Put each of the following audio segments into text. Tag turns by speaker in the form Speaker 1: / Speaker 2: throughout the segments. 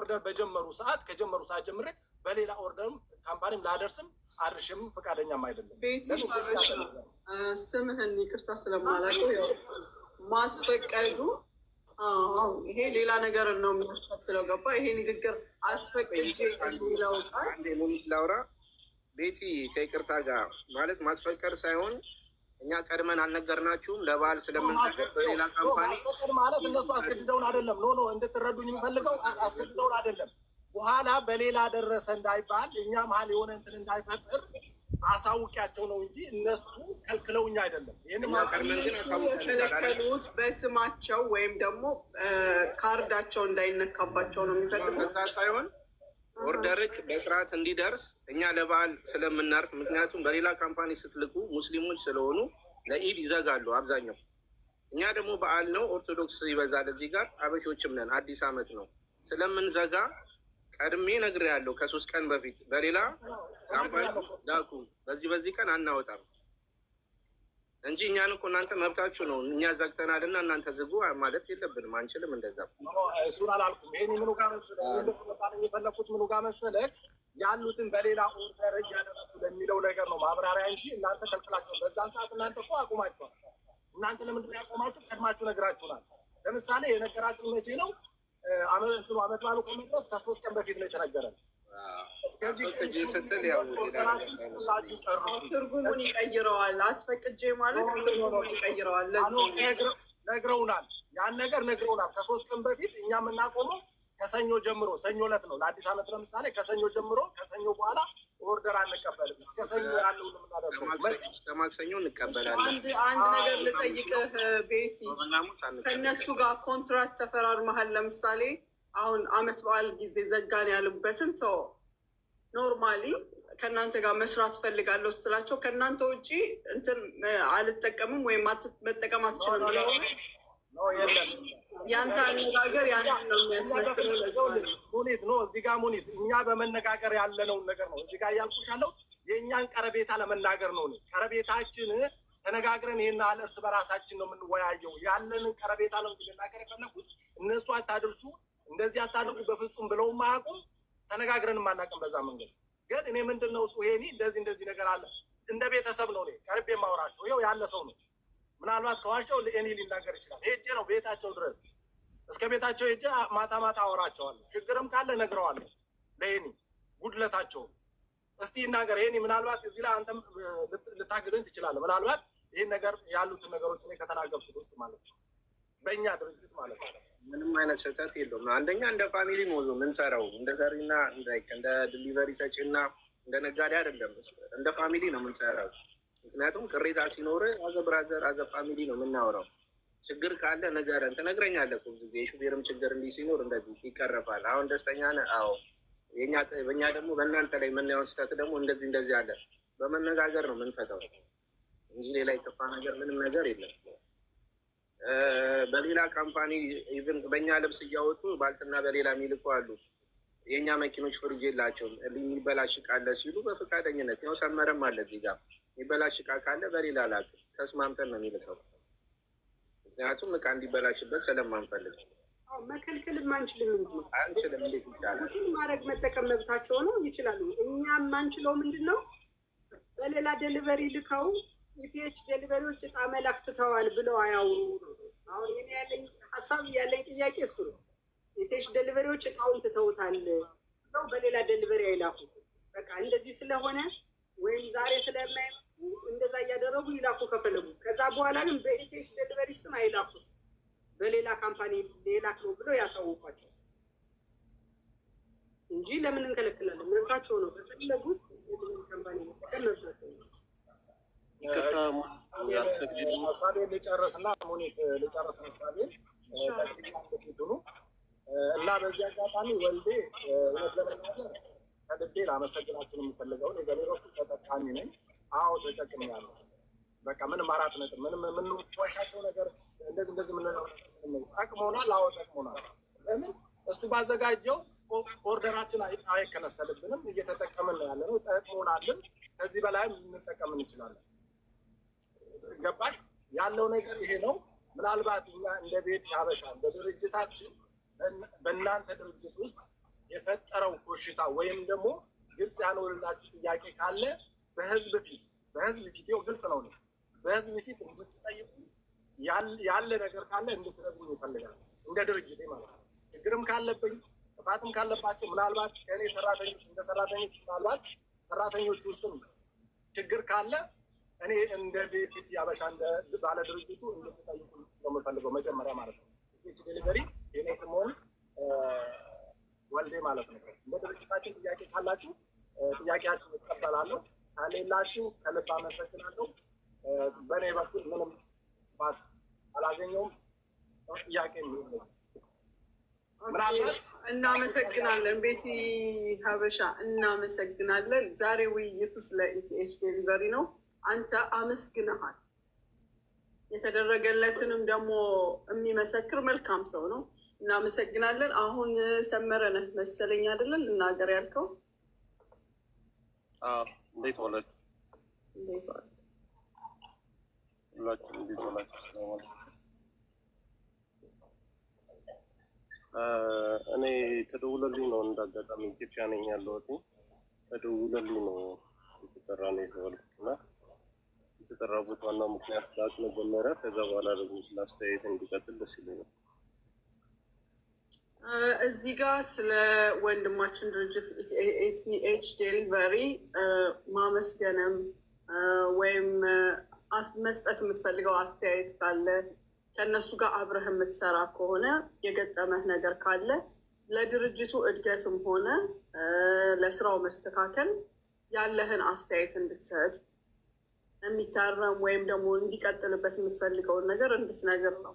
Speaker 1: ኦርደር በጀመሩ ሰዓት ከጀመሩ ሰዓት ጀምሬ በሌላ ኦርደርም ካምፓኒም ላደርስም አድርሽም ፈቃደኛም አይደለም። ቤቲ ስምህን ይቅርታ ስለማላውቀው ማስፈቀዱ ይሄ ሌላ ነገር ነው የምናስከትለው። ገባ? ይሄ ንግግር አስፈቅጄ የሚለው ቃል
Speaker 2: ላውራ ቤቲ ከይቅርታ ጋር ማለት ማስፈቀድ ሳይሆን እኛ ቀድመን አልነገርናችሁም። ለበዓል ስለምንፈልግ በሌላ
Speaker 1: ካምፓኒ ማለት እነሱ አስገድደውን አይደለም። ኖ ኖ እንድትረዱኝ የምፈልገው አስገድደውን አይደለም። በኋላ በሌላ ደረሰ እንዳይባል እኛ መሀል የሆነ እንትን እንዳይፈጥር አሳውቂያቸው ነው እንጂ እነሱ ከልክለውኛ አይደለም። ይህንከልክሉት በስማቸው ወይም ደግሞ ካርዳቸው እንዳይነካባቸው ነው የሚፈልጉት ሳይሆን ኦርደርክ በስርዓት እንዲደርስ እኛ ለበዓል ስለምናርፍ፣ ምክንያቱም በሌላ ካምፓኒ ስትልኩ ሙስሊሞች ስለሆኑ ለኢድ ይዘጋሉ አብዛኛው። እኛ ደግሞ በዓል ነው፣ ኦርቶዶክስ ይበዛል እዚህ ጋር፣ አበሾችም ነን። አዲስ ዓመት ነው ስለምንዘጋ ቀድሜ ያለው ከሶስት ቀን በፊት በሌላ ካምፓኒ ላኩ፣ በዚህ በዚህ ቀን አናወጣም እንጂ እኛን እኮ እናንተ መብታችሁ ነው። እኛ ዘግተናልና እናንተ ዝጉ ማለት የለብንም አንችልም። እንደዛ እሱን አላልኩም። ይህን ምኑ ጋር መሰለህ የፈለኩት ምኑ ጋር መሰለህ ያሉትን በሌላ ኦርደር እያደረሱ ለሚለው ነገር ነው ማብራሪያ እንጂ እናንተ ከልክላቸው። በዛን ሰዓት እናንተ እኮ አቁማችኋል። እናንተ ለምንድነው ያቆማችሁ? ቀድማችሁ ነግራችሁናል። ለምሳሌ የነገራችሁ መቼ ነው? አመት ባሉ ከመድረስ ከሶስት ቀን በፊት ነው የተነገረን። ትርጉሙን ይቀይረዋል። አስፈቅጄ ማለት ትርጉሙን ይቀይረዋል። ነግረውናል። ያን ነገር ነግረውናል። ከሶስት ቀን በፊት እኛ የምናቆመው ከሰኞ ጀምሮ ሰኞ ዕለት ነው። ለአዲስ ዓመት ለምሳሌ ከሰኞ ጀምሮ ከሰኞ በኋላ ኦርደር አንቀበልም። እስከ ሰኞ ያለው ለማክሰኞ እንቀበላለን። አንድ ነገር ልጠይቅህ ቤቲ፣ ከእነሱ ጋር ኮንትራት ተፈራርመሃል ለምሳሌ አሁን አመት በዓል ጊዜ ዘጋን ያሉበትን ቶ ኖርማሊ ከእናንተ ጋር መስራት ፈልጋለሁ ስትላቸው ከእናንተ ውጭ እንትን አልጠቀምም ወይም መጠቀም አትችልም። ያንተ አነጋገር ያን ነው የሚያስመስለው። ነው እዚህ ጋር ሙኒት፣ እኛ በመነጋገር ያለነውን ነገር ነው እዚህ ጋር እያልኩሽ ያለው የእኛን ቀረቤታ ለመናገር ነው። ቀረቤታችን ተነጋግረን ይህን ያህል እርስ በራሳችን ነው የምንወያየው። ያለንን ቀረቤታ ነው ልናገር የፈለጉት እነሱ አታድርሱ እንደዚህ አታድርጉ በፍጹም ብለው አያውቁም። ተነጋግረን አናውቅም። በዛ መንገድ ግን እኔ ምንድን ነው ሱሄኒ እንደዚህ እንደዚህ ነገር አለ እንደ ቤተሰብ ነው እኔ ቀርቤ የማወራቸው። ይኸው ያለ ሰው ነው። ምናልባት ከዋሸው ለእኔ ሊናገር ይችላል። ሄጄ ነው ቤታቸው ድረስ እስከ ቤታቸው ሄጄ ማታ ማታ አወራቸዋለሁ። ችግርም ካለ ነግረዋለሁ ለእኔ ጉድለታቸው እስቲ ይናገር ይሄን ምናልባት እዚህ ላይ አንተም ልታግዘኝ ትችላለህ። ምናልባት ይህን ነገር ያሉትን ነገሮች እኔ ከተናገርኩት ውስጥ ማለት ነው በእኛ ድርጅት ማለት ነው ምንም አይነት ስህተት የለውም። አንደኛ እንደ ፋሚሊ ሞዞ ምንሰራው እንደ ሰሪና እንደ ድሊቨሪ ሰጪና እንደ ነጋዴ አይደለም፣ እንደ ፋሚሊ ነው ምንሰራው። ምክንያቱም ቅሬታ ሲኖር አዘ ብራዘር አዘ ፋሚሊ ነው የምናወራው። ችግር ካለ ንገረን፣ ትነግረኛለህ እኮ ጊዜ የሹፌርም ችግር እንዲህ ሲኖር እንደዚህ ይቀረፋል። አሁን ደስተኛ ነህ? አዎ። በእኛ ደግሞ በእናንተ ላይ የምናየውን ስህተት ደግሞ እንደዚህ እንደዚህ አለ። በመነጋገር ነው የምንፈታው እንጂ ሌላ የከፋ ነገር ምንም ነገር የለም። በሌላ ካምፓኒ ኢቨን በእኛ ልብስ እያወጡ ባልትና በሌላ የሚልኩ አሉ። የእኛ መኪኖች ፍርጅ የላቸውም። የሚበላሽ እቃ አለ ሲሉ በፈቃደኝነት ያው ሰመረም አለ እዚህ ጋር የሚበላሽ እቃ ካለ በሌላ ላክ ተስማምተን ነው የሚልከው። ምክንያቱም እቃ እንዲበላሽበት ስለማንፈልግ መከልከልም አንችልም እንጂ አንችልም። እንዴት ይቻላል? ማድረግ መጠቀም መብታቸው ነው፣ ይችላሉ። እኛ የማንችለው ምንድን ነው በሌላ ደሊቨሪ ልከው ኢቲኤች ደሊቨሪዎች እጣ መላክ ትተዋል ብለው አያውሩ። አሁን እኔ ያለኝ ሀሳብ ያለኝ ጥያቄ እሱ ነው። ኢቲኤች ደሊቨሪዎች እጣውን ትተውታል ብለው በሌላ ደሊቨሪ አይላኩ። በቃ እንደዚህ ስለሆነ ወይም ዛሬ ስለማይ እንደዛ እያደረጉ ይላኩ ከፈለጉ። ከዛ በኋላ ግን በኢቲኤች ደሊቨሪ ስም አይላኩት፣ በሌላ ካምፓኒ ሌላክ ነው ብለው ያሳውቋቸው እንጂ ለምን እንከለክላለን? መብታቸው ነው። በፈለጉት ካምፓኒ መጠቀም መብታቸው ሀሳቤን ልጨርስና ሙኒት ልጨርስ እና በዚህ አጋጣሚ ወልዴ እውነት ለመናገር ከልቤ ተጠቃሚ ነኝ። አዎ ተጠቅሜያለሁ። በቃ ምንም አራት ነጥብ ምንም ነገር እንደዚህ እንደዚህ ጠቅሞናል። አዎ ጠቅሞናል። ለምን እሱ ባዘጋጀው ኦርደራችን አይከነሰልብንም። እየተጠቀምን ያለ ነው። ከዚህ በላይ ልንጠቀም እንችላለን። ገባሽ? ያለው ነገር ይሄ ነው። ምናልባት እኛ እንደ ቤት ያበሻ እንደ ድርጅታችን በእናንተ ድርጅት ውስጥ የፈጠረው ኮሽታ ወይም ደግሞ ግልጽ ያልሆነላችሁ ጥያቄ ካለ በህዝብ ፊት በህዝብ ፊት ይኸው ግልጽ ነው። በህዝብ ፊት እንድትጠይቁ ያለ ነገር ካለ እንድትነግሩኝ ይፈልጋል፣ እንደ ድርጅት ማለት ነው። ችግርም ካለብኝ ጥፋትም ካለባቸው ምናልባት ከእኔ ሰራተኞች እንደ ሰራተኞች ምናልባት ሰራተኞች ውስጥም ችግር ካለ እኔ እንደ ቤት ያበሻ እንደ ባለ ድርጅቱ እንድትጠይቁ ነው የምፈልገው። መጀመሪያ ማለት ነው ች ዴሊቨሪ የኔ ወልዴ ማለት ነው። እንደ ድርጅታችን ጥያቄ ካላችሁ ጥያቄያችሁ እቀበላለሁ፣ ከሌላችሁ ከልብ አመሰግናለሁ። በእኔ በኩል ምንም ባት አላገኘውም። ጥያቄ እናመሰግናለን። ቤቲ ሀበሻ እናመሰግናለን። ዛሬ ውይይቱ ስለ ኢቲኤች ዴሊቨሪ ነው። አንተ አመስግነሃል። የተደረገለትንም ደግሞ የሚመሰክር መልካም ሰው ነው። እናመሰግናለን። አሁን ሰመረነህ መሰለኝ አይደለን ልናገር ያልከው እንዴት ዋላችሁ? እኔ ተደውለልኝ ነው እንዳጋጣሚ ኢትዮጵያ ነኝ ያለሁት። ተደውለልኝ ነው የተጠራ ነው የተባልኩት እና የተጠራቡት ዋናው ምክንያት ለአቅ መጀመሪያ ከዛ በኋላ ደግሞ ስለ አስተያየት እንዲቀጥል ደስ ይለኛል። እዚህ ጋር ስለ ወንድማችን ድርጅት ኤቲኤች ዴሊቨሪ ማመስገንም ወይም መስጠት የምትፈልገው አስተያየት ካለ ከእነሱ ጋር አብረህ የምትሰራ ከሆነ የገጠመህ ነገር ካለ ለድርጅቱ እድገትም ሆነ ለስራው መስተካከል ያለህን አስተያየት እንድትሰጥ የሚታረም ወይም ደግሞ እንዲቀጥልበት የምትፈልገውን ነገር እንድትነግር ነው።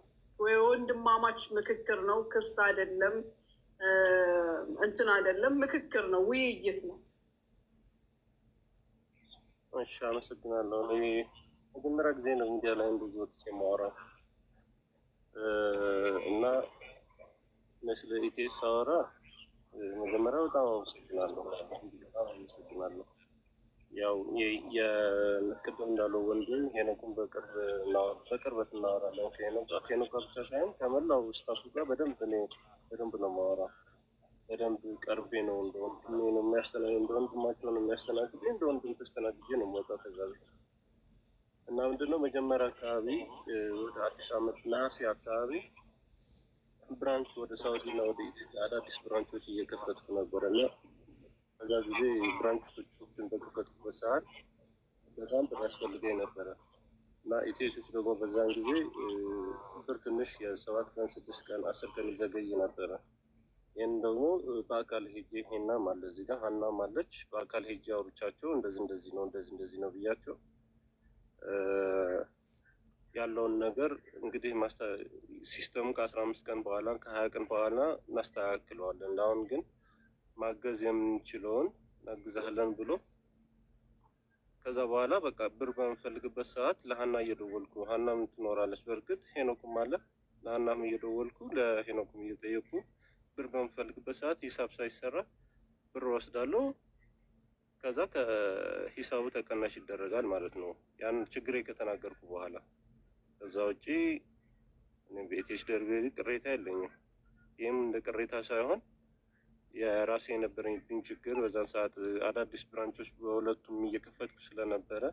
Speaker 1: ወንድማማች ምክክር ነው፣ ክስ አይደለም፣ እንትን አይደለም፣ ምክክር ነው፣ ውይይት ነው። እሺ፣ አመሰግናለሁ። መጀመሪያ ጊዜ ነው ሚዲያ ላይ እንደዚህ ወጥቼ የማወራው እና ስለ ኢቴስ አወራ መጀመሪያ በጣም አመሰግናለሁ፣ በጣም አመሰግናለሁ። ያው የምትቀደም እንዳለው ወንድም ሄኖክን በቅርበት እናወራለን። ከሄኖክ ብቻ ሳይሆን ከመላው ስታፉ ጋር በደንብ እኔ በደንብ ነው ማወራ በደንብ ቀርቤ ነው እንደ ወንድሜ ነው የሚያስተናግ እንደ ወንድማቸው ነው የሚያስተናግድ እንደ ወንድም ተስተናግጄ ነው የምወጣው ከዛ ቤት እና ምንድነው መጀመሪያ አካባቢ ወደ አዲስ አመት ነሐሴ አካባቢ ብራንች ወደ ሳውዲ እና ወደ ኢትዮጵያ አዳዲስ ብራንቾች እየከፈትኩ ነበረ እና በዛ ጊዜ ብራንች ሱቆችን በከፈቱበት ሰዓት በጣም ብር ያስፈልገኝ ነበረ እና ኢትዮሶች ደግሞ በዛን ጊዜ ብር ትንሽ የሰባት ቀን ስድስት ቀን አስር ቀን ይዘገይ ነበረ። ይህን ደግሞ በአካል ሄጄ ሄና አለ እዚህ ጋር ሀና አለች በአካል ሄጄ አውርቻቸው እንደዚህ እንደዚህ ነው እንደዚህ እንደዚህ ነው ብያቸው ያለውን ነገር እንግዲህ ሲስተሙ ከአስራ አምስት ቀን በኋላ ከሀያ ቀን በኋላ እናስተካክለዋለን። ለአሁን ግን ማገዝ የምንችለውን እናግዛለን ብሎ ከዛ በኋላ በቃ ብር በምፈልግበት ሰዓት ለሀና እየደወልኩ ሀናም ትኖራለች። በእርግጥ ሄኖኩም አለ። ለሀናም እየደወልኩ ለሄኖኩም እየጠየቁ ብር በምፈልግበት ሰዓት ሂሳብ ሳይሰራ ብር ወስዳለ ከዛ ከሂሳቡ ተቀናሽ ይደረጋል ማለት ነው። ያን ችግሬ ከተናገርኩ በኋላ ከዛ ውጪ ቤቴች ደርቤ ቅሬታ የለኝም። ይህም እንደ ቅሬታ ሳይሆን የራሴ የነበረኝ ችግር በዛን ሰዓት አዳዲስ ብራንቾች በሁለቱም እየከፈትኩ ስለነበረ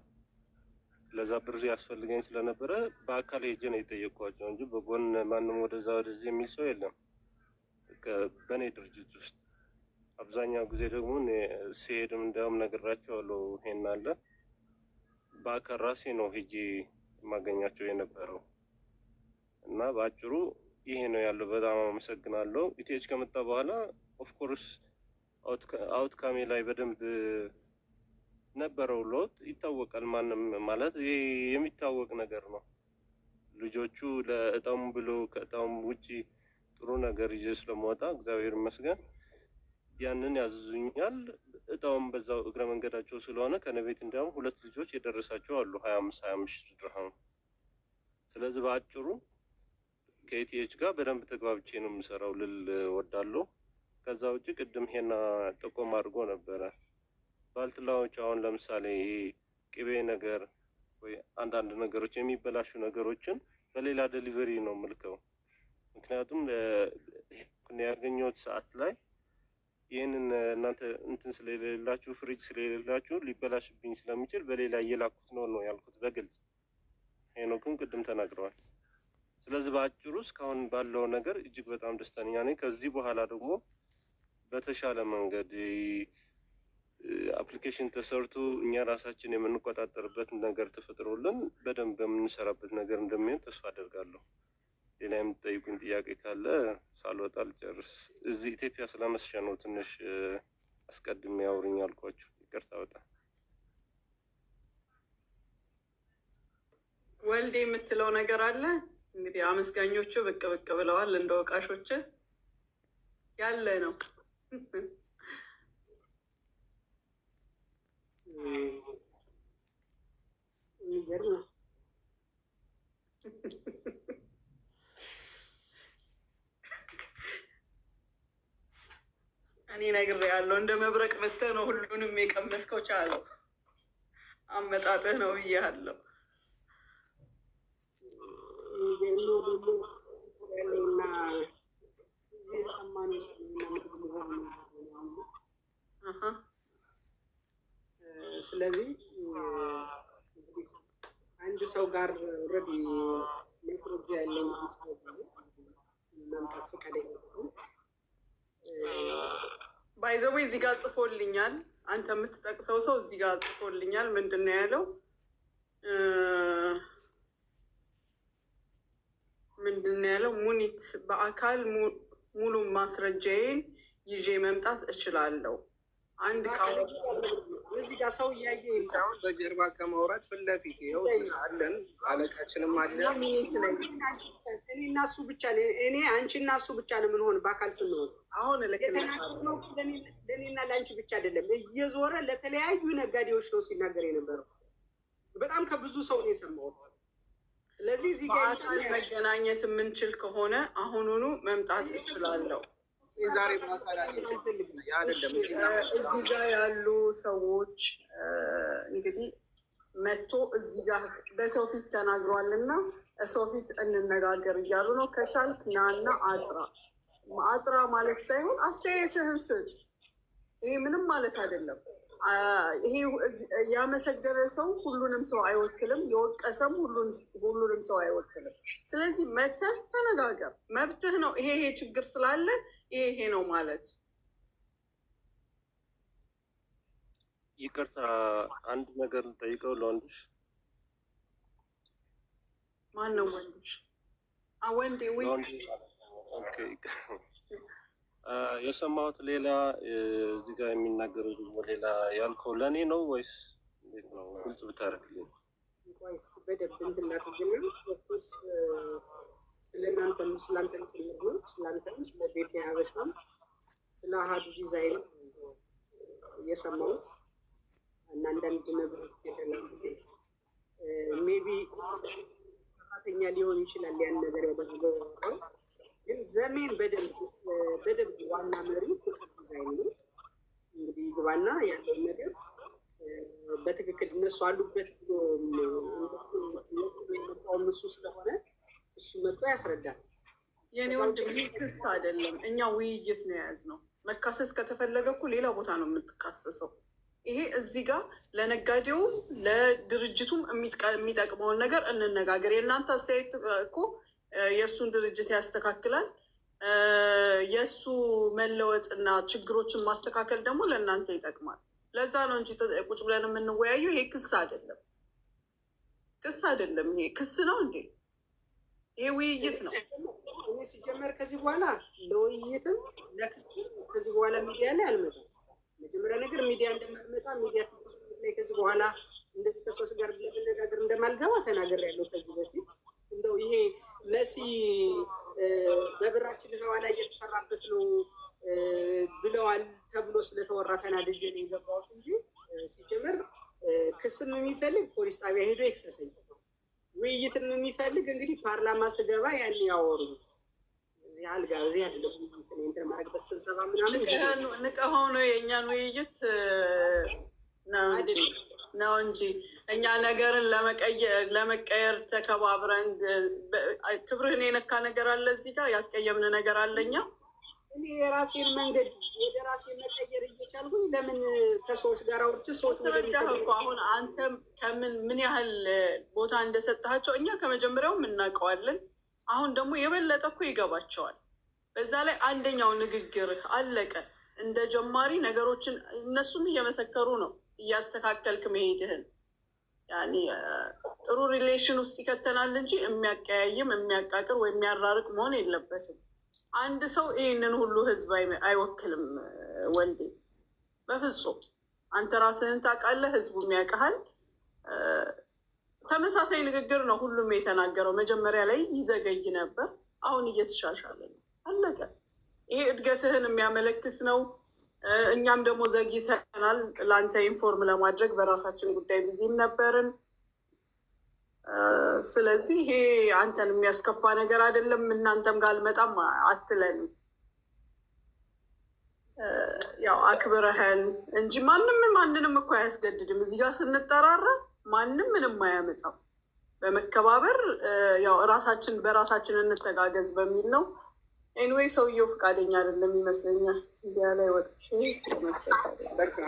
Speaker 1: ለዛ ብር ያስፈልገኝ ስለነበረ በአካል ሄጄ ነው የጠየኳቸው እንጂ በጎን ማንም ወደዛ ወደዚህ የሚል ሰው የለም። በእኔ ድርጅት ውስጥ አብዛኛው ጊዜ ደግሞ ሲሄድም እንዲያውም ነገራቸው ይሄን አለ በአካል ራሴ ነው ሄጄ የማገኛቸው የነበረው እና በአጭሩ ይሄ ነው ያለው። በጣም አመሰግናለሁ። ኢቴች ከመጣ በኋላ ኦፍኮርስ አውትካሜ ላይ በደንብ ነበረው ለውጥ ይታወቃል። ማንም ማለት ይሄ የሚታወቅ ነገር ነው። ልጆቹ ለእጣሙ ብሎ ከእጣሙ ውጭ ጥሩ ነገር ይዤ ስለመወጣ እግዚአብሔር ይመስገን ያንን ያዝዙኛል። እጣውም በዛው እግረ መንገዳቸው ስለሆነ ከነቤት ቤት እንዲያውም ሁለት ልጆች የደረሳቸው አሉ ሀያ አምስት ሀያ አምስት ድርሃም። ስለዚህ በአጭሩ ከኢቲኤች ጋር በደንብ ተግባብቼ ነው የምሰራው ልል ወዳለሁ። ከዛ ውጭ ቅድም ሄና ጥቆም አድርጎ ነበረ። ባልትላዎች አሁን ለምሳሌ ቅቤ ነገር ወይ አንዳንድ ነገሮች የሚበላሹ ነገሮችን በሌላ ደሊቨሪ ነው ምልከው። ምክንያቱም ያገኘሁት ሰዓት ላይ ይህንን እናንተ እንትን ስለሌላችሁ ፍሪጅ ስለሌላችሁ ሊበላሽብኝ ስለሚችል በሌላ እየላኩት ነው ነው ያልኩት በግልጽ ሄኖክም ቅድም ተናግረዋል። ስለዚህ በአጭሩ እስካሁን ባለው ነገር እጅግ በጣም ደስተኛ ነኝ። ከዚህ በኋላ ደግሞ በተሻለ መንገድ አፕሊኬሽን ተሰርቶ እኛ ራሳችን የምንቆጣጠርበት ነገር ተፈጥሮልን በደንብ በምንሰራበት ነገር እንደሚሆን ተስፋ አደርጋለሁ። ሌላ የምትጠይቁኝ ጥያቄ ካለ ሳልወጣ ልጨርስ። እዚህ ኢትዮጵያ ስለመስሸ ነው ትንሽ አስቀድሜ ያውርኝ አልኳችሁ። ይቅርታ በጣም ወልዴ የምትለው ነገር አለ። እንግዲህ አመስጋኞቹ ብቅ ብቅ ብለዋል። እንደ ወቃሾች ያለ ነው። እኔ ነግሬሃለሁ። እንደ መብረቅ መተህ ነው ሁሉንም የቀመስከው። ቻለው አመጣጥህ ነው ብያለሁ። ስለዚህ አንድ ሰው ጋር ረድ ማስረጃ ያለኝ ማምጣት ፈቃደኛ ባይዘዌ እዚህ ጋር ጽፎልኛል። አንተ የምትጠቅሰው ሰው እዚህ ጋር ጽፎልኛል። ምንድን ነው ያለው? ምንድን ነው ያለው? ሙኒት በአካል ሙሉ ማስረጃዬን ይዤ መምጣት እችላለሁ። አንድ እዚህ ጋር ሰው እያየ ሁን በጀርባ ከማውራት ፊት ለፊት ይኸው አለን፣ አለቃችንም አለ። እኔ እና እሱ ብቻ እኔ አንቺ እና እሱ ብቻ ነው የምንሆን በአካል ስንሆን። አሁን ለእኔና ለአንቺ ብቻ አይደለም፣ እየዞረ ለተለያዩ ነጋዴዎች ነው ሲናገር የነበረው። በጣም ከብዙ ሰው ነው የሰማሁት። ስለዚህ እዚህ ጋር መገናኘት የምንችል ከሆነ አሁኑኑ መምጣት እችላለሁ። እዚህ ጋር ያሉ ሰዎች እንግዲህ መጥቶ እዚህ ጋር በሰው ፊት ተናግሯል ሰው ፊት እንነጋገር እያሉ ነው። ከቻልክ ናና አጥራ አጥራ ማለት ሳይሆን አስተያየትህን ስጥ። ይሄ ምንም ማለት አይደለም። ይሄ ያመሰገነ ሰው ሁሉንም ሰው አይወክልም፣ የወቀሰም ሁሉንም ሰው አይወክልም። ስለዚህ መተህ ተነጋገር፣ መብትህ ነው። ይሄ ይሄ ችግር ስላለ ይሄ ይሄ ነው ማለት። ይቅርታ አንድ ነገር ልጠይቀው። ለወንድሽ ማን ነው? ወንድሽ ወንዴ ወይ የሰማሁት ሌላ እዚህ ጋር የሚናገረው ደግሞ ሌላ ያልከው ለእኔ ነው ወይስ እንዴት ነው? ግልጽ ብታደርግልኝ። በደንብ እንድናደርግና ኦፍኮርስ ስለእናንተም ስለአንተም ጭምር ነው ስለአንተም ስለ ቤት የሀበሻም ስለ አሀዱ ዲዛይን የሰማሁት እና አንዳንድ ነገሮች የተለመደ ሜቢ ጥፋተኛ ሊሆን ይችላል ያን ነገር ያደረገው ግን ዘሜን በደንብ በደንብ ዋና መሪ ፍቅር ዲዛይን ነው። እንግዲህ ግባና ያለውን ነገር በትክክል እነሱ አሉበት ብሎ የመጣውም እሱ ስለሆነ እሱ መጥቶ ያስረዳል። የኔ ወንድም ክስ አይደለም፣ እኛ ውይይት ነው የያዝነው። መካሰስ ከተፈለገ እኮ ሌላ ቦታ ነው የምትካሰሰው። ይሄ እዚህ ጋር ለነጋዴውም ለድርጅቱም የሚጠቅመውን ነገር እንነጋገር። የእናንተ አስተያየት እኮ የእሱን ድርጅት ያስተካክላል የእሱ መለወጥና ችግሮችን ማስተካከል ደግሞ ለእናንተ ይጠቅማል። ለዛ ነው እንጂ ቁጭ ብለን የምንወያየው። ይሄ ክስ አይደለም፣ ክስ አይደለም። ይሄ ክስ ነው እንዴ? ይሄ ውይይት ነው። እኔ ሲጀመር ከዚህ በኋላ ለውይይትም ለክስም ከዚህ በኋላ ሚዲያ ላይ አልመጣም። መጀመሪያ ነገር ሚዲያ እንደማልመጣ ሚዲያ ላይ ከዚህ በኋላ እንደዚህ ከሰዎች ጋር ለመነጋገር እንደማልገባ ያለው ከዚህ በፊት እንደው ይሄ ለሲ በብራችን ህዋ ላይ እየተሰራበት ነው ብለዋል ተብሎ ስለተወራ ተናድጄ ነው የገባሁት እንጂ ሲጀመር ክስም የሚፈልግ ፖሊስ ጣቢያ ሄዶ ይክሰሰኝ፣ ውይይትም የሚፈልግ እንግዲህ ፓርላማ ስገባ ያን ያወሩ እዚህ አልጋ እዚህ አይደለም እንትን ማድረግበት ስብሰባ ምናምን ንቀሆ ነው የእኛን ውይይት ነው ነው እንጂ እኛ ነገርን ለመቀየር ተከባብረን ክብርህን የነካ ነገር አለ እዚህ ጋር ያስቀየምን ነገር አለኛ። እኔ የራሴን መንገድ ወደ ራሴ መቀየር እየቻልኩኝ ለምን ከሰዎች ጋር አውርቼ ሰዎች አሁን አንተ ከምን ምን ያህል ቦታ እንደሰጣቸው እኛ ከመጀመሪያውም እናውቀዋለን። አሁን ደግሞ የበለጠ እኮ ይገባቸዋል። በዛ ላይ አንደኛው ንግግርህ አለቀ። እንደ ጀማሪ ነገሮችን እነሱም እየመሰከሩ ነው። እያስተካከልክ መሄድህን ያኔ ጥሩ ሪሌሽን ውስጥ ይከተናል እንጂ የሚያቀያይም የሚያቃቅር ወይ የሚያራርቅ መሆን የለበትም። አንድ ሰው ይህንን ሁሉ ህዝብ አይወክልም። ወልዴ በፍጹም አንተ ራስህን ታውቃለህ፣ ህዝቡም ያውቅሃል። ተመሳሳይ ንግግር ነው ሁሉም የተናገረው። መጀመሪያ ላይ ይዘገይ ነበር፣ አሁን እየተሻሻለ ነው። አለቀ። ይሄ እድገትህን የሚያመለክት ነው። እኛም ደግሞ ዘግይተናል። ለአንተ ኢንፎርም ለማድረግ በራሳችን ጉዳይ ቢዚም ነበርን። ስለዚህ ይሄ አንተን የሚያስከፋ ነገር አይደለም። እናንተም ጋር አልመጣም አትለንም። ያው አክብረህን እንጂ ማንም ማንንም እኮ አያስገድድም። እዚህ ጋር ስንጠራራ ማንም ምንም አያመጣም። በመከባበር ያው እራሳችን በራሳችን እንተጋገዝ በሚል ነው። ኤንዌይ ሰውየው ፈቃደኛ አይደለም ይመስለኛል። እንዲያ ላይ ወጥቼ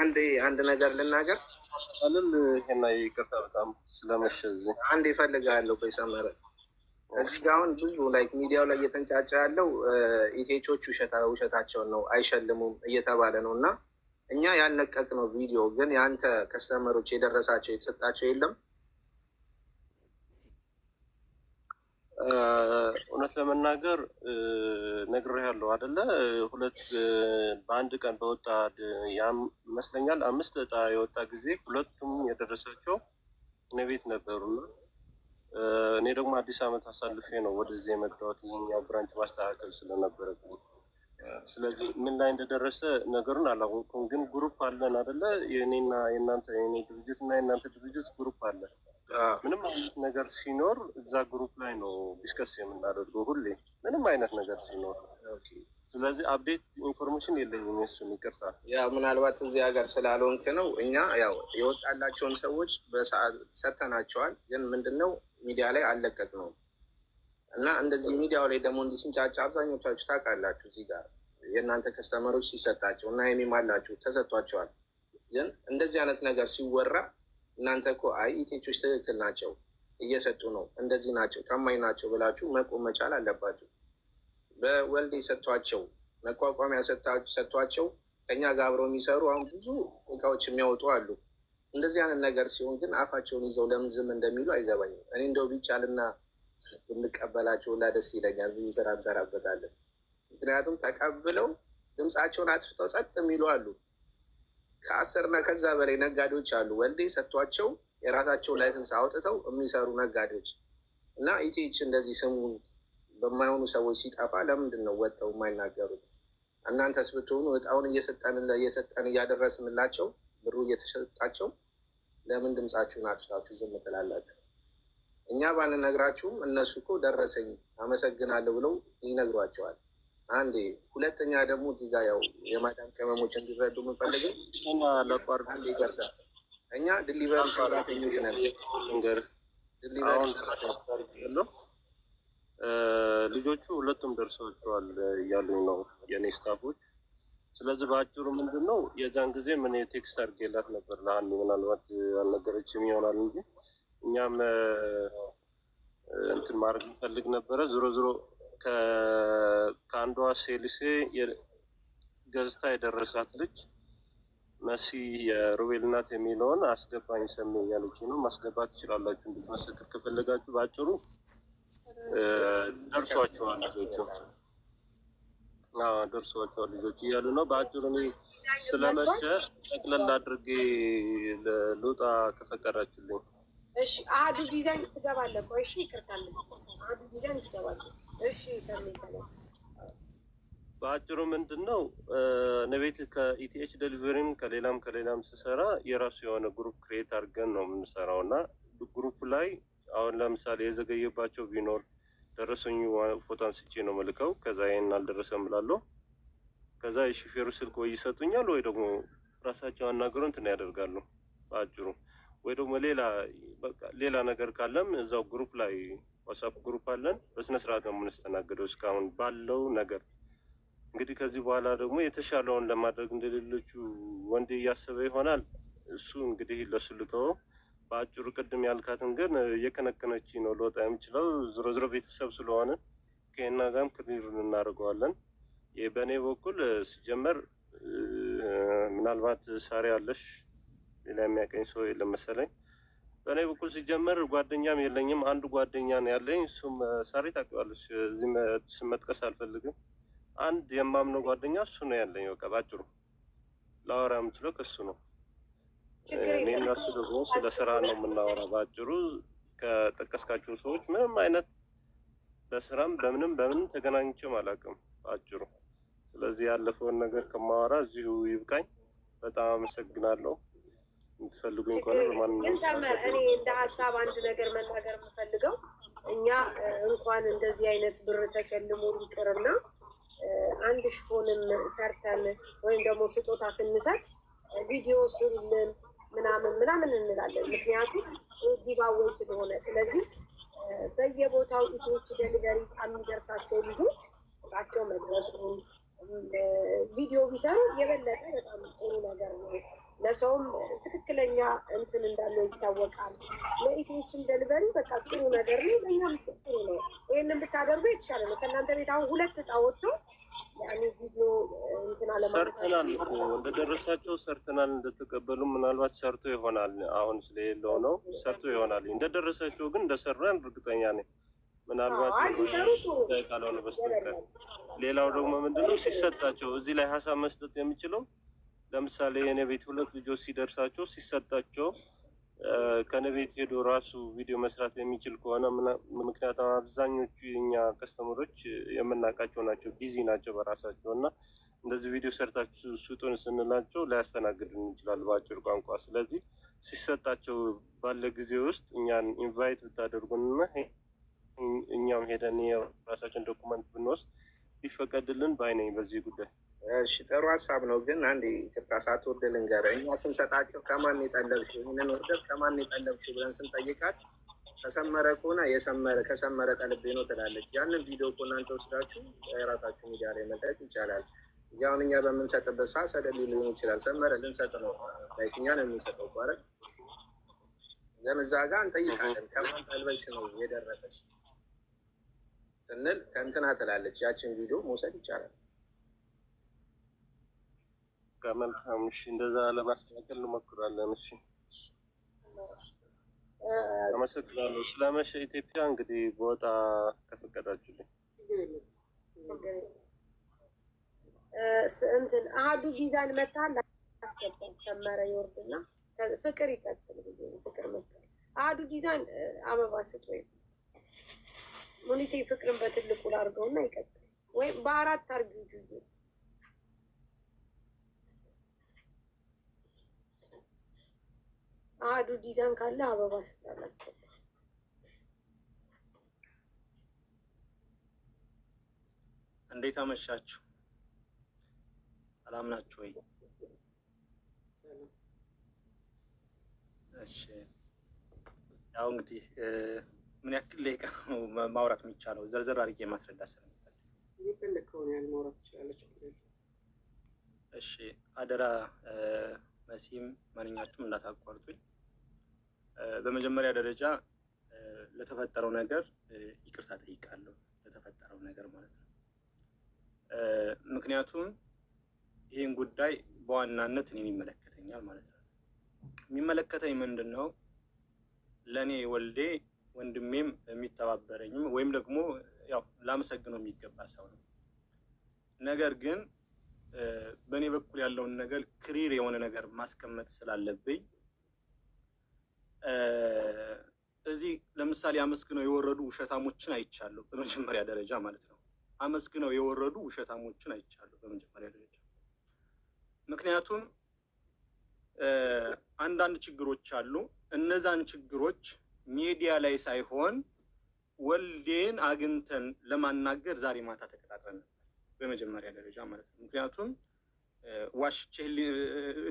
Speaker 1: አንድ አንድ ነገር ልናገር አልል ይሄና ይቅርታ፣ በጣም ስለመሸ እዚህ አንድ ይፈልጋለሁ። ቆይ ሰመረ፣ እዚህ ጋር አሁን ብዙ ላይክ ሚዲያው ላይ እየተንጫጫ ያለው ኢቴቾች ውሸታቸውን ነው አይሸልሙም እየተባለ ነው እና እኛ ያልነቀቅ ነው ቪዲዮ ግን የአንተ ከስተመሮች የደረሳቸው የተሰጣቸው የለም እውነት ለመናገር ነግሬሃለሁ አይደለ? ሁለት በአንድ ቀን በወጣ ይመስለኛል አምስት እጣ የወጣ ጊዜ ሁለቱም የደረሳቸው እኔ ቤት ነበሩና እኔ ደግሞ አዲስ ዓመት አሳልፌ ነው ወደዚህ የመጣሁት ይህኛው ብራንች ማስተካከል ስለነበረ። ስለዚህ ምን ላይ እንደደረሰ ነገሩን አላወቅኩም። ግን ግሩፕ አለን አይደለ? የእኔና የእናንተ የእኔ ድርጅት እና የእናንተ ድርጅት ግሩፕ አለን ምንም አይነት ነገር ሲኖር እዛ ግሩፕ ላይ ነው ዲስከስ የምናደርገው ሁሌ ምንም አይነት ነገር ሲኖር። ስለዚህ አብዴት ኢንፎርሜሽን የለኝም። የሱን ይቅርታ። ያው ምናልባት እዚህ ሀገር ስላልሆንክ ነው። እኛ ያው የወጣላቸውን ሰዎች በሰዓት ሰተናቸዋል። ግን ምንድነው ሚዲያ ላይ አለቀቅ ነው እና እንደዚህ ሚዲያው ላይ ደግሞ እንዲህ አብዛኞቻችሁ ታውቃላችሁ። እዚህ ጋር የእናንተ ከስተመሮች ሲሰጣቸው እና የሚማላችሁ ተሰጥቷቸዋል። ግን እንደዚህ አይነት ነገር ሲወራ እናንተ እኮ አይ ኢቴቾች ትክክል ናቸው እየሰጡ ነው እንደዚህ ናቸው ታማኝ ናቸው ብላችሁ መቆም መቻል አለባችሁ። በወልድ የሰጥቷቸው መቋቋሚያ ሰጥቷቸው ከኛ ጋር አብረው የሚሰሩ አሁን ብዙ እቃዎች የሚያወጡ አሉ። እንደዚህ አይነት ነገር ሲሆን ግን አፋቸውን ይዘው ለምን ዝም እንደሚሉ አይገባኝም። እኔ እንደው ቢቻልና እንቀበላቸው ላ ደስ ይለኛል። ብዙ ስራ እንሰራበታለን። ምክንያቱም ተቀብለው ድምፃቸውን አጥፍተው ጸጥ የሚሉ አሉ። ከአስር እና ከዛ በላይ ነጋዴዎች አሉ ወልዴ ሰጥቷቸው የራሳቸው ላይሰንስ አውጥተው የሚሰሩ ነጋዴዎች እና ኢቲች እንደዚህ ስሙ በማይሆኑ ሰዎች ሲጠፋ ለምንድን ነው ወጥተው የማይናገሩት? እናንተስ ብትሆኑ እጣውን እየሰጠን እያደረስንላቸው ብሩ እየተሰጣቸው ለምን ድምፃችሁን አጥፍታችሁ ዝም ትላላችሁ? እኛ ባንነግራችሁም እነሱ እኮ ደረሰኝ አመሰግናለሁ ብለው ይነግሯቸዋል። አንዴ ሁለተኛ ደግሞ እዚጋ ያው የማዳም ቅመሞች እንዲረዱ የምንፈልገው እኛ ድሊቨሪ ሰራተኞች ነን። ልጆቹ ሁለቱም ደርሰዋቸዋል እያሉኝ ነው የኔ ስታፎች። ስለዚህ በአጭሩ ምንድን ነው የዛን ጊዜ ምን ቴክስት አድርጌላት ነበር ለአንድ ምናልባት አልነገረችም ይሆናል እንጂ እኛም እንትን ማድረግ እንፈልግ ነበረ ዞሮ ዞሮ ከአንዷ ሴልሴ ገዝታ የደረሳት ልጅ መሲ የሩቤል ናት የሚለውን አስገባኝ ሰሜ እያለች ነው። ማስገባት ትችላላችሁ እንድትመሰክር ከፈለጋችሁ። በአጭሩ ደርሷቸዋል ልጆቹ ደርሷቸዋል ልጆች እያሉ ነው። በአጭሩ እኔ ስለመሸ ጠቅለል አድርጌ ልውጣ ከፈቀዳችሁልኝ እሺ አዱ ዲዛይን ትገባለህ እኮ እሺ። ይቅርታ አዱ ዲዛይን ትገባለህ እሺ። ሰሚ በአጭሩ ምንድን ነው እኔ ከኢቲኤች ደሊቨሪም ከሌላም ከሌላም ስሰራ የራሱ የሆነ ግሩፕ ክሬት አድርገን ነው የምንሰራው እና ግሩፕ ላይ አሁን ለምሳሌ የዘገየባቸው ቢኖር ደረሰኝ ፎቶን አንስቼ ነው መልከው። ከዛ ይህን አልደረሰም ብላለሁ። ከዛ የሹፌሩ ስልክ ወይ ይሰጡኛል ወይ ደግሞ ራሳቸው አናግረው እንትን ያደርጋሉ በአጭሩ ወይ ደግሞ ሌላ ሌላ ነገር ካለም እዛው ግሩፕ ላይ ዋትሳፕ ግሩፕ አለን። በስነ ስርዓት ነው የምንስተናገደው እስካሁን ባለው ነገር። እንግዲህ ከዚህ በኋላ ደግሞ የተሻለውን ለማድረግ እንደሌሎቹ ወንድ እያሰበ ይሆናል። እሱ እንግዲህ ለስልቶ በአጭሩ ቅድም ያልካትን ግን እየከነከነች ነው ለወጣ የምችለው ዝሮ ዝሮ ቤተሰብ ስለሆነ ከና ጋም ክሊር እናደርገዋለን። በእኔ በኩል ሲጀመር ምናልባት ሳሪ አለሽ ሌላ የሚያቀኝ ሰው የለም መሰለኝ። በእኔ በኩል ሲጀመር ጓደኛም የለኝም። አንዱ ጓደኛ ነው ያለኝ፣ እሱም ሳሪ ታውቂዋለች። እዚህ መጥቀስ አልፈልግም። አንድ የማምነው ጓደኛ እሱ ነው ያለኝ። በቃ ባጭሩ ላወራ የምችለው ከሱ ነው። እኔ እሱ ደግሞ ስለ ስራ ነው የምናወራ። ባጭሩ ከጠቀስካቸው ሰዎች ምንም አይነት በስራም በምንም በምንም ተገናኝቼም አላውቅም ባጭሩ። ስለዚህ ያለፈውን ነገር ከማወራ እዚሁ ይብቃኝ። በጣም አመሰግናለሁ። ትፈልጉኝ ከሆነ ግን እኔ እንደ ሀሳብ አንድ ነገር መናገር የምፈልገው እኛ እንኳን እንደዚህ አይነት ብር ተሸልሞ ይቅርና አንድ ሽፎንም ሰርተን ወይም ደግሞ ስጦታ ስንሰጥ ቪዲዮ ስልን ምናምን ምናምን እንላለን። ምክንያቱም ጊባወይ ስለሆነ ስለዚህ በየቦታው ኢትዮች ደሊቨሪ የሚደርሳቸው ልጆች እጣቸው መድረሱን ቪዲዮ ቢሰሩ የበለጠ በጣም ጥሩ ነገር ነው። ለሰውም ትክክለኛ እንትን እንዳለው ይታወቃል። ለኢትዮችን ደልበሪ በቃ ጥሩ ነገር ነው፣ ለእኛም ጥሩ ነው። ይህንን ብታደርጉ የተሻለ ነው። ከእናንተ ቤት አሁን ሁለት እጣ ወጥቶ ቪዲዮ እንትና እንደደረሳቸው ሰርተናል፣ እንደተቀበሉ ምናልባት ሰርቶ ይሆናል። አሁን ስለሌለው ነው ሰርቶ ይሆናል። እንደደረሳቸው ግን እንደሰራን እርግጠኛ ነኝ። ምናልባት ካልሆነ በስተቀር ሌላው ደግሞ ምንድነው ሲሰጣቸው እዚህ ላይ ሀሳብ መስጠት የምችለው ለምሳሌ የእኔ ቤት ሁለት ልጆች ሲደርሳቸው ሲሰጣቸው ከእኔ ቤት ሄዶ ራሱ ቪዲዮ መስራት የሚችል ከሆነ ምክንያቱም አብዛኞቹ የኛ ከስተመሮች የምናውቃቸው ናቸው፣ ቢዚ ናቸው በራሳቸው እና እንደዚህ ቪዲዮ ሰርታችሁ ስጡን ስንላቸው ሊያስተናግድን ይችላል በአጭር ቋንቋ። ስለዚህ ሲሰጣቸው ባለ ጊዜ ውስጥ እኛን ኢንቫይት ብታደርጉንና እኛም ሄደን የራሳችን ዶኩመንት ብንወስድ ቢፈቀድልን ባይ በዚህ ጉዳይ። እሺ ጥሩ ሀሳብ ነው። ግን አንድ ኢትዮጵያ ሳትወርድ ልንገርህ፣ እኛ ስንሰጣቸው ከማን የጠለብሽ ይህንን ወርደት ከማን የጠለብሽ ብለን ስንጠይቃት ከሰመረ ከሆነ የሰመረ ከሰመረ ጠልቤ ነው ትላለች። ያንን ቪዲዮ እኮ እናንተ ወስዳችሁ የራሳችሁ ሚዲያ ላይ መልቀቅ ይቻላል። እዚሁን እኛ በምንሰጥበት ሰዓት ሰደል ሊሆን ይችላል። ሰመረ ልንሰጥ ነው ላይክኛ ነው የምንሰጠው ባረ ግን እዛ ጋር እንጠይቃለን። ከማን ጠልበሽ ነው የደረሰች ስንል ከእንትና ትላለች። ያችን ቪዲዮ መውሰድ ይቻላል። መልካም። እሺ፣ እንደዛ ለማስተካከል እንሞክራለን። እሺ፣ አመሰግናለሁ። ስለመሸ ኢትዮጵያ እንግዲህ በወጣ ከፈቀዳችሁልኝ እንትን አህዱ ጊዛን መታል አስቀጥል ሰመረ ይወርድና ፍቅር ይቀጥል ፍቅር መጣል አህዱ ጊዛን አበባ ስጥ ወይ ሙኒቴ ፍቅርን በትልቁ ላድርገውና ይቀጥል ወይም በአራት አርጊ ጁ አዱ ዲዛይን ካለ አበባ ስታል አስገባ። እንዴት አመሻችሁ? ሰላም ናችሁ ወይ? እሺ፣ ያው እንግዲህ ምን ያክል ደቂቃ ነው ማውራት የሚቻለው? ዘርዘር አድርጌ ማስረዳት ስለሚፈልግ እሺ፣ አደራ መሲም ማንኛችሁም እንዳታቋርጡኝ። በመጀመሪያ ደረጃ ለተፈጠረው ነገር ይቅርታ ጠይቃለሁ። ለተፈጠረው ነገር ማለት ነው። ምክንያቱም ይህን ጉዳይ በዋናነት እኔን ይመለከተኛል ማለት ነው። የሚመለከተኝ ምንድን ነው? ለእኔ ወልዴ ወንድሜም የሚተባበረኝም ወይም ደግሞ ያው ላመሰግነው የሚገባ ሰው ነው። ነገር ግን በእኔ በኩል ያለውን ነገር ክሪር የሆነ ነገር ማስቀመጥ ስላለብኝ እዚህ ለምሳሌ አመስግነው የወረዱ ውሸታሞችን አይቻለሁ፣ በመጀመሪያ ደረጃ ማለት ነው። አመስግነው የወረዱ ውሸታሞችን አይቻለሁ፣ በመጀመሪያ ደረጃ ምክንያቱም አንዳንድ ችግሮች አሉ። እነዛን ችግሮች ሚዲያ ላይ ሳይሆን ወልዴን አግኝተን ለማናገር ዛሬ ማታ ተቀጣጥረን ነበር፣ በመጀመሪያ ደረጃ ማለት ነው። ምክንያቱም ዋሽቼ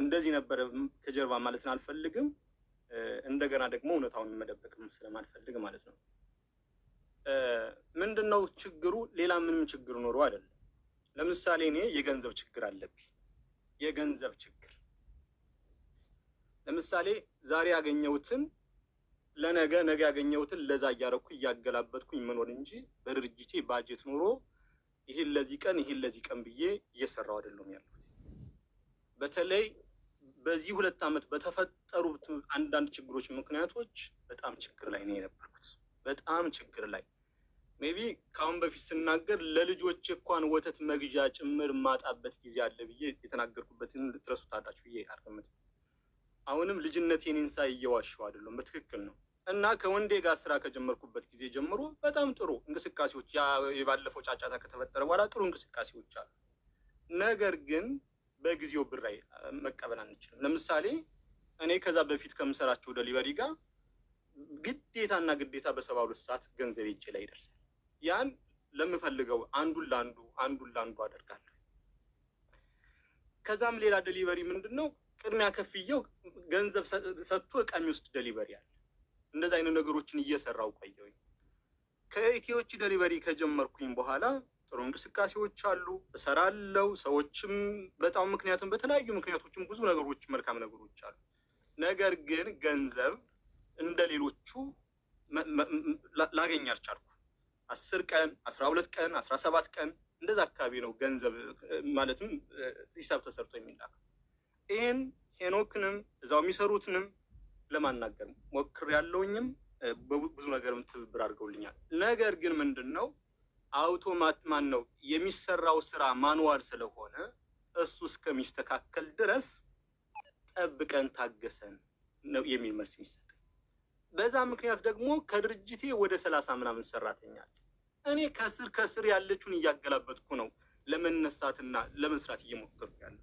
Speaker 1: እንደዚህ ነበረ ከጀርባ ማለትን አልፈልግም። እንደገና ደግሞ እውነታውን መደበቅም ስለማልፈልግ ማለት ነው። ምንድን ነው ችግሩ? ሌላ ምንም ችግር ኖሮ አይደለም። ለምሳሌ እኔ የገንዘብ ችግር አለብኝ። የገንዘብ ችግር ለምሳሌ ዛሬ ያገኘሁትን ለነገ ነገ ያገኘሁትን ለዛ እያደረኩ እያገላበጥኩኝ መኖር እንጂ በድርጅቴ ባጀት ኖሮ ይህን ለዚህ ቀን ይህን ለዚህ ቀን ብዬ እየሰራው አይደለም ያልኩት በተለይ በዚህ ሁለት ዓመት በተፈጠሩት አንዳንድ ችግሮች ምክንያቶች በጣም ችግር ላይ ነው የነበርኩት። በጣም ችግር ላይ ቢ ከአሁን በፊት ስናገር ለልጆች እንኳን ወተት መግዣ ጭምር ማጣበት ጊዜ አለ ብዬ የተናገርኩበትን ልትረሱታላችሁ ብዬ አርገምት። አሁንም ልጅነት የኔን እየዋሸው እየዋሸሁ አይደለም፣ በትክክል ነው። እና ከወንዴ ጋር ስራ ከጀመርኩበት ጊዜ ጀምሮ በጣም ጥሩ እንቅስቃሴዎች፣ የባለፈው ጫጫታ ከተፈጠረ በኋላ ጥሩ እንቅስቃሴዎች አሉ። ነገር ግን በጊዜው ብር ላይ መቀበል አንችልም። ለምሳሌ እኔ ከዛ በፊት ከምሰራቸው ደሊቨሪ ጋር ግዴታና ግዴታ በሰባ ሁለት ሰዓት ገንዘብ እጄ ላይ ይደርሳል። ያን ለምፈልገው አንዱን ለአንዱ አንዱን ለአንዱ አደርጋለሁ። ከዛም ሌላ ደሊቨሪ ምንድን ነው ቅድሚያ ከፍየው ገንዘብ ሰጥቶ እቃ የሚወስድ ደሊቨሪ አለ። እንደዚ አይነት ነገሮችን እየሰራው ቆየሁኝ። ከኢትዮች ደሊቨሪ ከጀመርኩኝ በኋላ ጥሩ እንቅስቃሴዎች አሉ፣ እሰራለሁ። ሰዎችም በጣም ምክንያቱም በተለያዩ ምክንያቶችም ብዙ ነገሮች መልካም ነገሮች አሉ። ነገር ግን ገንዘብ እንደ ሌሎቹ ላገኝ አልቻልኩ። አስር ቀን አስራ ሁለት ቀን አስራ ሰባት ቀን እንደዛ አካባቢ ነው ገንዘብ ማለትም ሂሳብ ተሰርቶ የሚላከው ይህን ሄኖክንም እዛው የሚሰሩትንም ለማናገር ሞክር ያለውኝም ብዙ ነገርም ትብብር አድርገውልኛል። ነገር ግን ምንድን ነው አውቶማት ማን ነው የሚሰራው ስራ ማንዋል ስለሆነ እሱ እስከሚስተካከል ድረስ ጠብቀን ታገሰን ነው የሚል መልስ የሚሰጥ። በዛ ምክንያት ደግሞ ከድርጅቴ ወደ ሰላሳ ምናምን ሰራተኛ እኔ ከስር ከስር ያለችውን እያገላበጥኩ ነው ለመነሳትና ለመስራት እየሞከሩ ያለ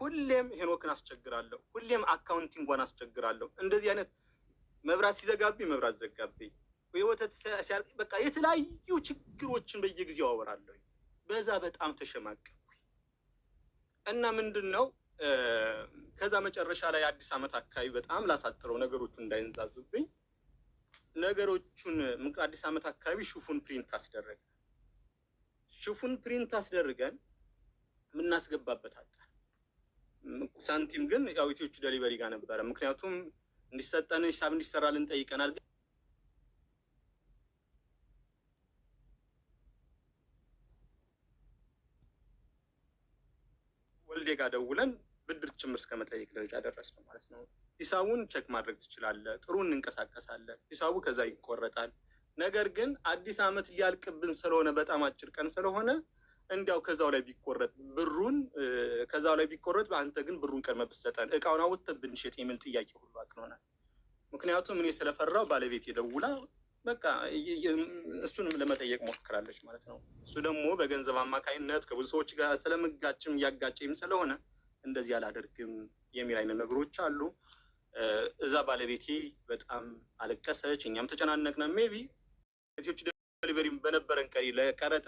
Speaker 1: ሁሌም ሄኖክን አስቸግራለሁ፣ ሁሌም አካውንቲንጓን አስቸግራለሁ። እንደዚህ አይነት መብራት ሲዘጋብኝ መብራት ዘጋብኝ የወተት ሲያልቅ በቃ የተለያዩ ችግሮችን በየጊዜው አወራለሁ። በዛ በጣም ተሸማቀኩ እና ምንድን ነው ከዛ መጨረሻ ላይ አዲስ ዓመት አካባቢ በጣም ላሳጥረው ነገሮቹ እንዳይንዛዙብኝ ነገሮቹን አዲስ ዓመት አካባቢ ሹፉን ፕሪንት አስደረገ። ሹፉን ፕሪንት አስደርገን የምናስገባበት አጣ። ሳንቲም ግን ያው ኢትዮቹ ደሊቨሪ ጋር ነበረ። ምክንያቱም እንዲሰጠን ሂሳብ እንዲሰራልን ጠይቀናል። ሁሌ ጋር ደውለን ብድር ጭምር እስከ መጠየቅ ደረጃ ደረስ ነው ማለት ነው። ሂሳቡን ቸክ ማድረግ ትችላለህ። ጥሩ እንንቀሳቀሳለን። ሂሳቡ ከዛ ይቆረጣል። ነገር ግን አዲስ ዓመት ሊያልቅብን ስለሆነ በጣም አጭር ቀን ስለሆነ እንዲያው ከዛው ላይ ቢቆረጥ ብሩን ከዛው ላይ ቢቆረጥ በአንተ ግን ብሩን ቀድመህ ብትሰጠን እቃውን አውጥተን ብንሸጥ የሚል ጥያቄ ሁሉ አቅኖናል። ምክንያቱም እኔ ስለፈራው ባለቤት የደውላ በቃ እሱንም ለመጠየቅ ሞክራለች ማለት ነው። እሱ ደግሞ በገንዘብ አማካኝነት ከብዙ ሰዎች ጋር ስለምጋጭም እያጋጨም ስለሆነ እንደዚህ አላደርግም የሚል አይነት ነገሮች አሉ። እዛ ባለቤቴ በጣም አለቀሰች፣ እኛም ተጨናነቅነ ሜቢ ሌሎች ደሊቨሪ በነበረን ቀሪ ለቀረጥ